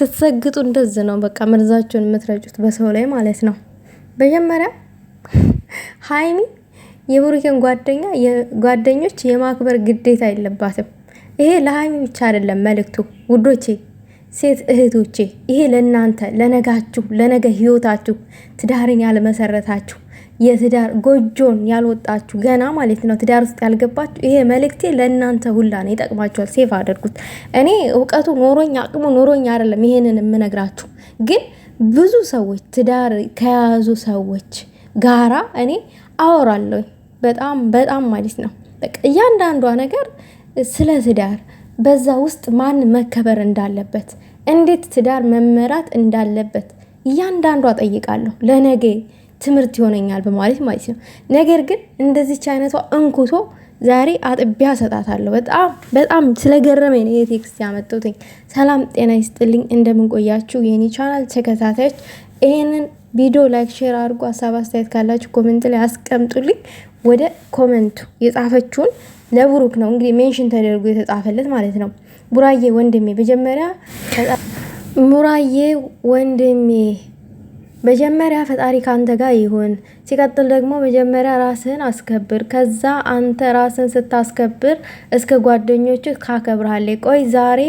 ስትሰግጡ እንደዚህ ነው በቃ መርዛቸውን የምትረጩት በሰው ላይ ማለት ነው። መጀመሪያ ሀይሚ የብሩኬን ጓደኛ ጓደኞች የማክበር ግዴታ የለባትም። ይሄ ለሀይሚ ብቻ አይደለም መልእክቱ ውዶቼ፣ ሴት እህቶቼ፣ ይሄ ለእናንተ ለነጋችሁ፣ ለነገ ህይወታችሁ ትዳርን ያልመሰረታችሁ የትዳር ጎጆን ያልወጣችሁ ገና ማለት ነው ትዳር ውስጥ ያልገባችሁ ይሄ መልእክቴ ለእናንተ ሁላ ነው፣ ይጠቅማችኋል። ሴፍ አድርጉት። እኔ እውቀቱ ኖሮኝ አቅሙ ኖሮኝ አይደለም ይሄንን የምነግራችሁ፣ ግን ብዙ ሰዎች ትዳር ከያዙ ሰዎች ጋራ እኔ አወራለሁ በጣም በጣም ማለት ነው። በቃ እያንዳንዷ ነገር ስለ ትዳር በዛ ውስጥ ማን መከበር እንዳለበት እንዴት ትዳር መመራት እንዳለበት እያንዳንዷ ጠይቃለሁ ለነገ ትምህርት ይሆነኛል በማለት ማለት ነው። ነገር ግን እንደዚች አይነቷ እንኩቶ ዛሬ አጥቢያ ሰጣታለሁ። በጣም በጣም ስለገረመኝ ነው የቴክስት ያመጡትኝ። ሰላም ጤና ይስጥልኝ፣ እንደምንቆያችሁ የኔ ቻናል ተከታታዮች፣ ይህንን ቪዲዮ ላይክ፣ ሼር አድርጎ ሀሳብ አስተያየት ካላችሁ ኮመንት ላይ አስቀምጡልኝ። ወደ ኮመንቱ የጻፈችውን ለብሩክ ነው እንግዲህ ሜንሽን ተደርጎ የተጻፈለት ማለት ነው። ቡራዬ ወንድሜ መጀመሪያ ሙራዬ ወንድሜ መጀመሪያ ፈጣሪ ከአንተ ጋር ይሁን። ሲቀጥል ደግሞ መጀመሪያ ራስህን አስከብር። ከዛ አንተ ራስን ስታስከብር እስከ ጓደኞች ካከብርሃለ። ቆይ ዛሬ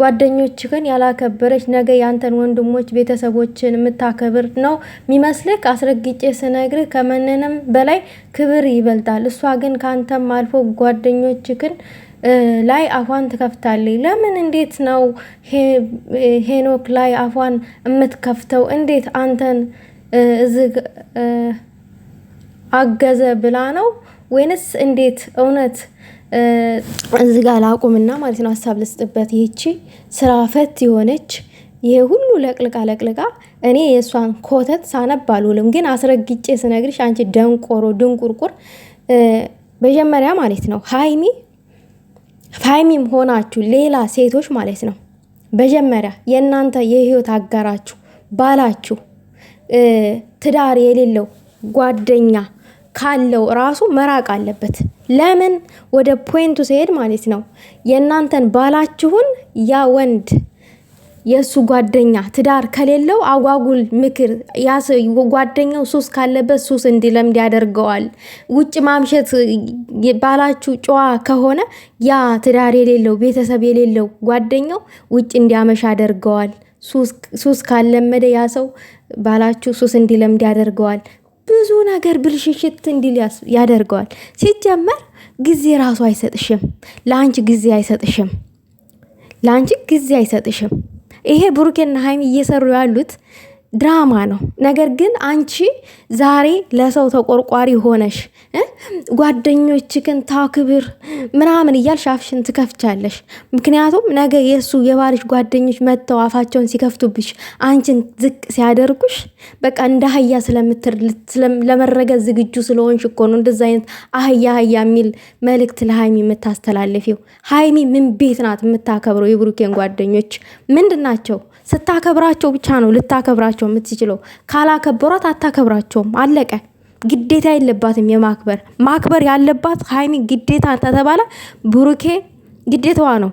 ጓደኞችህን ያላከበረች ነገ ያንተን ወንድሞች፣ ቤተሰቦችን የምታከብር ነው ሚመስልህ? አስረግጬ ስነግርህ ከምንንም በላይ ክብር ይበልጣል። እሷ ግን ከአንተም አልፎ ጓደኞችህን ላይ አፏን ትከፍታለች። ለምን እንዴት ነው ሄኖክ ላይ አፏን የምትከፍተው? እንዴት አንተን እዚህ አገዘ ብላ ነው ወይንስ እንዴት? እውነት እዚህ ጋር ላቁምና ማለት ነው ሀሳብ ልስጥበት። ይህቺ ስራ ፈት የሆነች ይሄ ሁሉ ለቅልቃ ለቅልቃ እኔ የእሷን ኮተት ሳነብ አልውልም። ግን አስረግጬ ስነግርሽ አንቺ ደንቆሮ ድንቁርቁር መጀመሪያ ማለት ነው ሀይሚ ፋሚም ሆናችሁ ሌላ ሴቶች ማለት ነው መጀመሪያ የእናንተ የህይወት አጋራችሁ ባላችሁ ትዳር የሌለው ጓደኛ ካለው ራሱ መራቅ አለበት። ለምን ወደ ፖይንቱ ሲሄድ ማለት ነው የእናንተን ባላችሁን ያ ወንድ የእሱ ጓደኛ ትዳር ከሌለው አጓጉል ምክር ጓደኛው ሱስ ካለበት ሱስ እንዲለምድ ያደርገዋል። ውጭ ማምሸት ባላችሁ ጨዋ ከሆነ ያ ትዳር የሌለው ቤተሰብ የሌለው ጓደኛው ውጭ እንዲያመሽ ያደርገዋል። ሱስ ካለመደ ያ ሰው ባላችሁ ሱስ እንዲለምድ ያደርገዋል። ብዙ ነገር ብልሽሽት እንዲል ያደርገዋል። ሲጀመር ጊዜ ራሱ አይሰጥሽም፣ ለአንቺ ጊዜ አይሰጥሽም፣ ለአንቺ ጊዜ አይሰጥሽም። ይሄ ብሩኬና ሀይሚ እየሰሩ ያሉት ድራማ ነው። ነገር ግን አንቺ ዛሬ ለሰው ተቆርቋሪ ሆነሽ ጓደኞችክን ታክብር ምናምን እያልሽ አፍሽን ትከፍቻለሽ። ምክንያቱም ነገ የእሱ የባልሽ ጓደኞች መጥተው አፋቸውን ሲከፍቱብሽ፣ አንቺን ዝቅ ሲያደርጉሽ በቃ እንደ አህያ ስለምትር ለመረገዝ ዝግጁ ስለሆንሽ እኮ ነው እንደዚ አይነት አህያ አህያ የሚል መልእክት ለሀይሚ የምታስተላልፊው። ሀይሚ ምን ቤት ናት የምታከብረው? የብሩኬን ጓደኞች ምንድን ናቸው? ስታከብራቸው ብቻ ነው ልታከብራቸው ልታከብራቸው የምትችለው። ካላከበሯት አታከብራቸውም። አለቀ። ግዴታ የለባትም የማክበር ማክበር ያለባት ሀይሚ ግዴታ ተተባለ ብሩኬ ግዴታዋ ነው።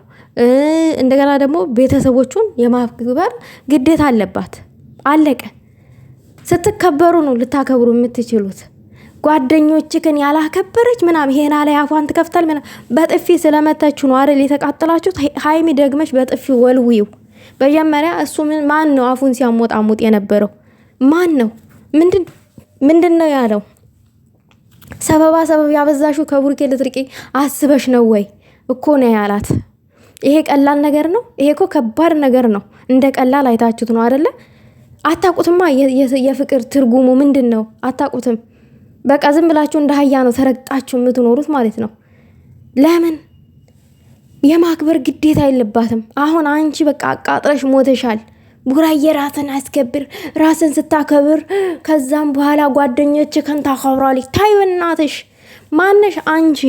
እንደገና ደግሞ ቤተሰቦቹን የማክበር ግዴታ አለባት። አለቀ። ስትከበሩ ነው ልታከብሩ የምትችሉት። ጓደኞችክን ያላከበረች ምናምን ሄና ላይ አፏን ትከፍታል በጥፊ ስለመታችሁ ነው አይደል የተቃጠላችሁት? ሀይሚ ደግመሽ በጥፊ ወልዊው። መጀመሪያ እሱ ማን ነው አፉን ሲያሞጣሙጥ የነበረው? ማን ነው? ምንድን ነው ያለው? ሰበባ ሰበብ ያበዛሹ ከቡርኬ ልትርቂ አስበሽ ነው ወይ እኮ ነው ያላት። ይሄ ቀላል ነገር ነው? ይሄ እኮ ከባድ ነገር ነው። እንደ ቀላል አይታችሁት ነው አደለ? አታቁትማ። የፍቅር ትርጉሙ ምንድን ነው? አታቁትም። በቃ ዝም ብላችሁ እንደ አህያ ነው ተረግጣችሁ የምትኖሩት ማለት ነው። ለምን የማክበር ግዴታ የለባትም። አሁን አንቺ በቃ አቃጥረሽ ሞተሻል። ቡራዬ ራስን አስከብር። ራስን ስታከብር ከዛም በኋላ ጓደኞች ከንታ ከብሯል ታዩ። እናትሽ ማነሽ አንቺ?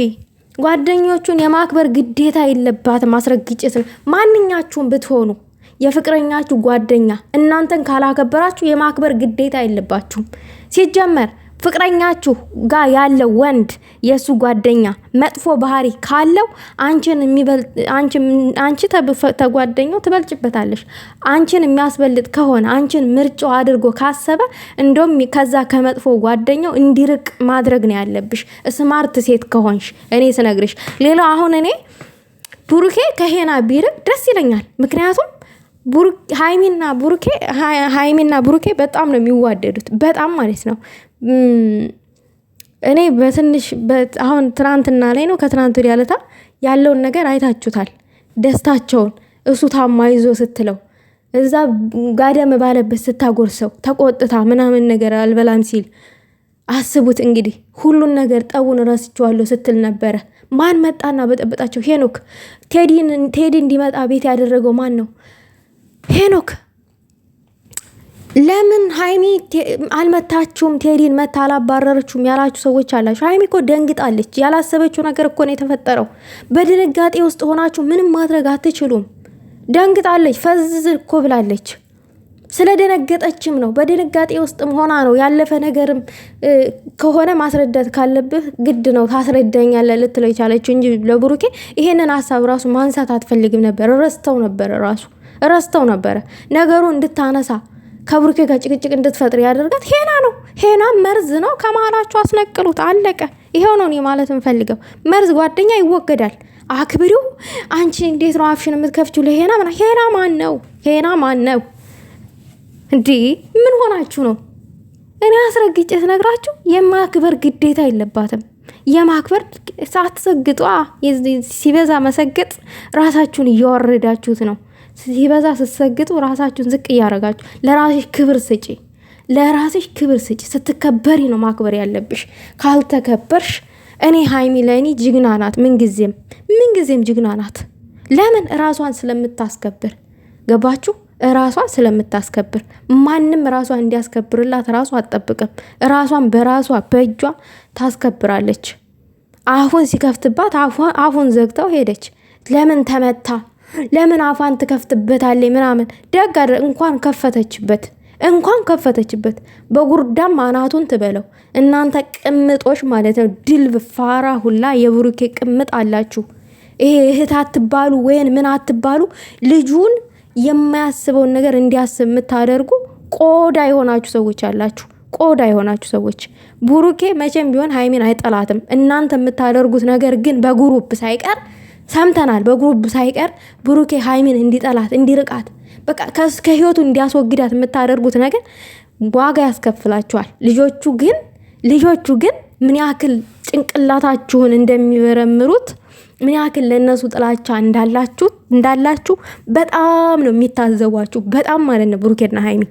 ጓደኞቹን የማክበር ግዴታ የለባትም። አስረግጭት ነው። ማንኛችሁም ብትሆኑ የፍቅረኛችሁ ጓደኛ እናንተን ካላከበራችሁ የማክበር ግዴታ የለባችሁም ሲጀመር ፍቅረኛችሁ ጋር ያለው ወንድ የእሱ ጓደኛ መጥፎ ባህሪ ካለው አንቺን አንቺ ተጓደኛው ትበልጭበታለሽ። አንቺን የሚያስበልጥ ከሆነ አንቺን ምርጫው አድርጎ ካሰበ እንደውም ከዛ ከመጥፎ ጓደኛው እንዲርቅ ማድረግ ነው ያለብሽ፣ ስማርት ሴት ከሆንሽ እኔ ስነግርሽ። ሌላው አሁን እኔ ብሩኬ ከሄና ቢርቅ ደስ ይለኛል። ምክንያቱም ሀይሚና ብሩኬ ሀይሚና ብሩኬ በጣም ነው የሚዋደዱት፣ በጣም ማለት ነው። እኔ በትንሽ አሁን ትናንትና ላይ ነው ከትናንት ወዲያ ለታ ያለውን ነገር አይታችሁታል። ደስታቸውን እሱ ታማ ይዞ ስትለው እዛ ጋደም ባለበት ስታጎርሰው ተቆጥታ ምናምን ነገር አልበላም ሲል አስቡት እንግዲህ ሁሉን ነገር ጠቡን ረስችዋለሁ ስትል ነበረ። ማን መጣና በጠበጣቸው? ሄኖክ ቴዲ እንዲመጣ ቤት ያደረገው ማን ነው? ሄኖክ ለምን ሀይሚ አልመታችሁም? ቴዲን መታ አላባረረችሁም ያላችሁ ሰዎች አላችሁ። ሀይሚ እኮ ደንግጣለች። ያላሰበችው ነገር እኮ ነው የተፈጠረው። በድንጋጤ ውስጥ ሆናችሁ ምንም ማድረግ አትችሉም። ደንግጣለች። ፈዝዝ እኮ ብላለች። ስለደነገጠችም ነው። በድንጋጤ ውስጥም ሆና ነው። ያለፈ ነገርም ከሆነ ማስረዳት ካለብህ ግድ ነው ታስረዳኛለህ ልትለው የቻለችው እንጂ ለብሩኬ ይሄንን ሀሳብ ራሱ ማንሳት አትፈልግም ነበር። ረስተው ነበር ራሱ ረስተው ነበረ ነገሩ እንድታነሳ ከብሩኬ ጋር ጭቅጭቅ እንድትፈጥር ያደርጋት ሄና ነው። ሄና መርዝ ነው። ከመሀላችሁ አስነቅሉት። አለቀ። ይሄው ነው እኔ ማለት እንፈልገው። መርዝ ጓደኛ ይወገዳል። አክብሪው። አንቺ እንዴት ነው አፍሽን የምትከፍችው ለሄና? ምና ሄና ማን ነው? ሄና ማን ነው? እንዲህ ምን ሆናችሁ ነው? እኔ አስረግጬ ስነግራችሁ የማክበር ግዴታ የለባትም። የማክበር ሳትሰግጧ ሲበዛ መሰገጥ ራሳችሁን እያወረዳችሁት ነው። ሲበዛ ስትሰግጡ ራሳችሁን ዝቅ እያደረጋችሁ ለራስሽ ክብር ስጪ። ለራስሽ ክብር ስጪ። ስትከበሪ ነው ማክበር ያለብሽ። ካልተከበርሽ እኔ ሀይሚ ለእኔ ጅግና ናት። ምንጊዜም ምንጊዜም ጅግና ናት። ለምን ራሷን ስለምታስከብር ገባችሁ? ራሷን ስለምታስከብር ማንም ራሷን እንዲያስከብርላት ራሷ አትጠብቅም። ራሷን በራሷ በእጇ ታስከብራለች። አፉን ሲከፍትባት አፉን ዘግተው ሄደች። ለምን ተመታ? ለምን አፋን ትከፍትበታለች? ምናምን ደግ እንኳን ከፈተችበት እንኳን ከፈተችበት በጉርዳም አናቱን ትበለው። እናንተ ቅምጦች ማለት ነው፣ ድልብ ፋራ ሁላ የብሩኬ ቅምጥ አላችሁ። ይሄ እህት አትባሉ ወይን ምን አትባሉ። ልጁን የማያስበውን ነገር እንዲያስብ የምታደርጉ ቆዳ የሆናችሁ ሰዎች አላችሁ። ቆዳ የሆናችሁ ሰዎች ብሩኬ መቼም ቢሆን ሀይሚን አይጠላትም። እናንተ የምታደርጉት ነገር ግን በግሩፕ ሳይቀር ሰምተናል። በግሩብ ሳይቀር ብሩኬ ሀይሚን እንዲጠላት እንዲርቃት፣ በቃ ከህይወቱ እንዲያስወግዳት የምታደርጉት ነገር ዋጋ ያስከፍላችኋል። ልጆቹ ግን ልጆቹ ግን ምን ያክል ጭንቅላታችሁን እንደሚመረምሩት ምን ያክል ለእነሱ ጥላቻ እንዳላችሁ እንዳላችሁ በጣም ነው የሚታዘቧችሁ። በጣም ማለት ነው ብሩኬና ሀይሚ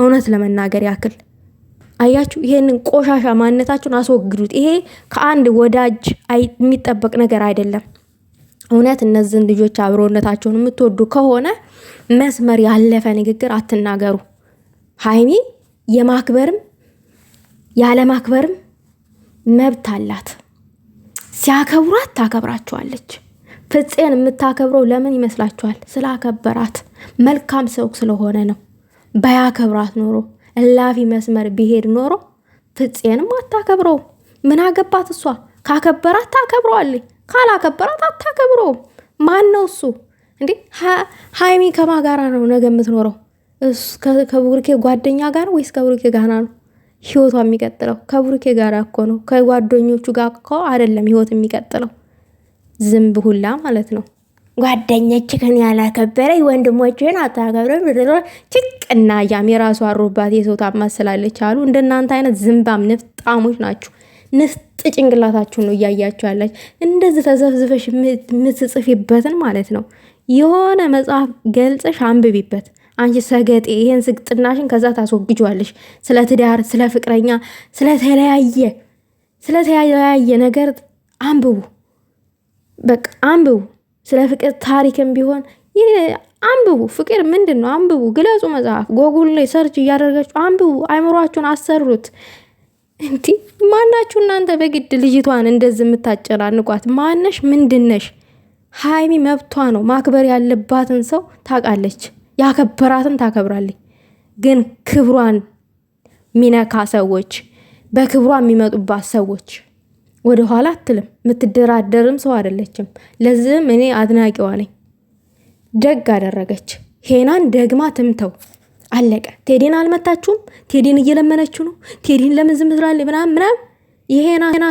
እውነት ለመናገር ያክል አያችሁ፣ ይሄንን ቆሻሻ ማንነታችሁን አስወግዱት። ይሄ ከአንድ ወዳጅ የሚጠበቅ ነገር አይደለም። እውነት እነዚህን ልጆች አብሮነታቸውን የምትወዱ ከሆነ መስመር ያለፈ ንግግር አትናገሩ። ሀይሚ የማክበርም ያለማክበርም መብት አላት። ሲያከብሯት ታከብራቸዋለች። ፍፄን የምታከብረው ለምን ይመስላችኋል? ስላከበራት መልካም ሰው ስለሆነ ነው። ባያከብራት ኖሮ እላፊ መስመር ቢሄድ ኖሮ ፍፄንም አታከብረው? ምን አገባት እሷ? ካከበራት ታከብረዋለች። ካላከበራት አታከብረውም። ማን ነው እሱ እንዴ? ሀይሚ ከማ ጋራ ነው ነገ የምትኖረው? ከብሩኬ ጓደኛ ጋር ወይስ ከብሩኬ ጋና ነው ህይወቷ የሚቀጥለው? ከብሩኬ ጋር እኮ ነው፣ ከጓደኞቹ ጋር እኮ አይደለም ህይወት የሚቀጥለው። ዝንብ ሁላ ማለት ነው። ጓደኞችህን ያላከበረ ወንድሞችህን አታከብረ ብሎ ጭቅና ያም የራሷ አሮባት የሰው ታማስላለች አሉ። እንደናንተ አይነት ዝንባም ንፍጣሞች ናችሁ። ንስጥ ጭንቅላታችሁን ነው እያያችሁ ያላችሁ። እንደዚህ ተዘፍዝፈሽ የምትጽፊበትን ማለት ነው የሆነ መጽሐፍ ገልጸሽ አንብቢበት። አንቺ ሰገጤ ይሄን ስግጥናሽን ከዛ ታስወግጇለሽ። ስለ ትዳር፣ ስለ ፍቅረኛ፣ ስለተለያየ ስለተለያየ ነገር አንብቡ። በቃ አንብቡ። ስለ ፍቅር ታሪክም ቢሆን አንብቡ። ፍቅር ምንድን ነው አንብቡ፣ ግለጹ። መጽሐፍ ጎጉል ላይ ሰርች እያደረጋችሁ አንብቡ። አይምሯችሁን አሰሩት። እንዲ ማናችሁ እናንተ በግድ ልጅቷን እንደዚህ የምታጨናንቋት ማነሽ? ምንድነሽ? ሀይሚ መብቷ ነው። ማክበር ያለባትን ሰው ታውቃለች፣ ያከበራትን ታከብራለች። ግን ክብሯን ሚነካ ሰዎች፣ በክብሯ የሚመጡባት ሰዎች ወደ ኋላ አትልም። የምትደራደርም ሰው አይደለችም። ለዚህም እኔ አድናቂዋ ነኝ። ደግ አደረገች። ሄናን ደግማ ትምተው አለቀ። ቴዲን አልመታችሁም? ቴዲን እየለመነችው ነው። ቴዲን ለምን ዝም ትላለች? ምናምን ምናምን ይሄና